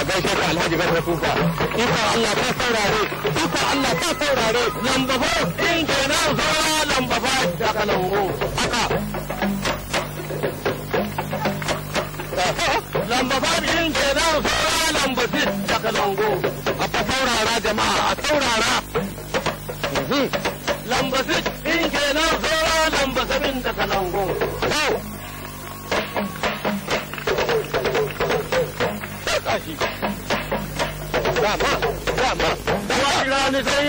a gaishe ka alhaji garba tuka ka. Allah ka saurare iko Allah ka saurare lamba ba din kenan saura lamba ba da kalango haka lamba ba din kenan saura lamba din da kalango a ta saurara jama'a a saurara mhm. lamba din kenan saura lamba sabin da kalango sa shi dama dama kowa kira ni idan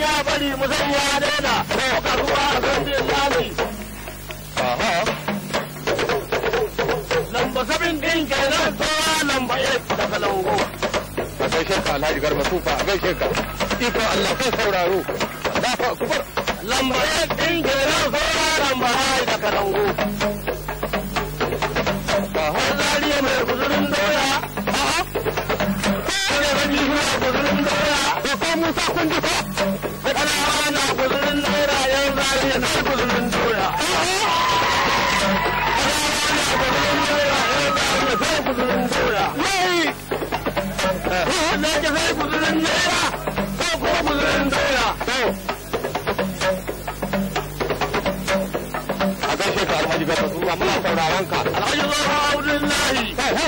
ya bari a allah lamba ɗin jiran fara lamba da kalango. Bahar zariya mai guzurin doya. Kare rabi zuwa guzurin doya. Da ko Musa kun ji ko? Alawa na guzurin naira yan zariya na guzurin doya. Alawa na guzurin naira yan zariya sai guzurin doya. Wai! Eh. Na ji zai daga kasuwa muna sauraron ka alhaji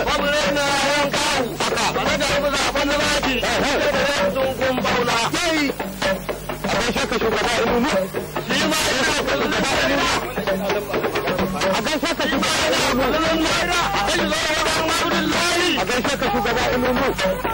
babu da zaki da da sun kun baula akwai shakka shugaba ilimi shi ma ina shugaba a shugaba a shugaba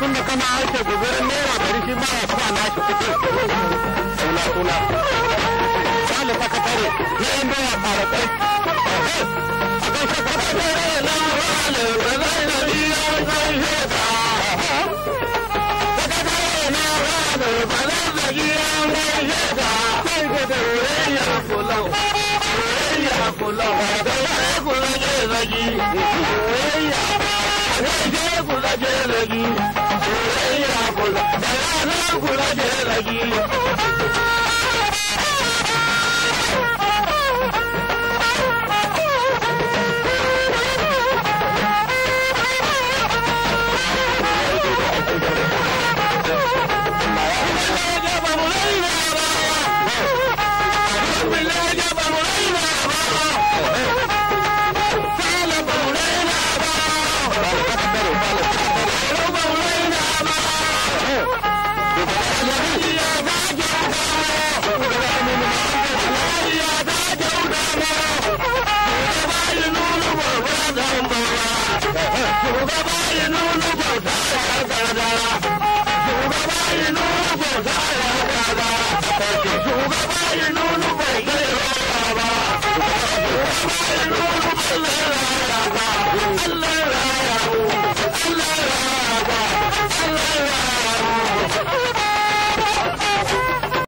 tun da kana harshe gugurin naira bari shi ma ya kuma nashi kuɗi suna suna wani sakatare na yan doya fara kwai a kan sakatare na wani bazai na biya wajen sheka sakatare na wani bazai na biya wajen sheka kai ku da wuriyar kulau wuriyar kulau ba da wuriyar kulau ke zaki ke ku rage rage soyayya ku da ranar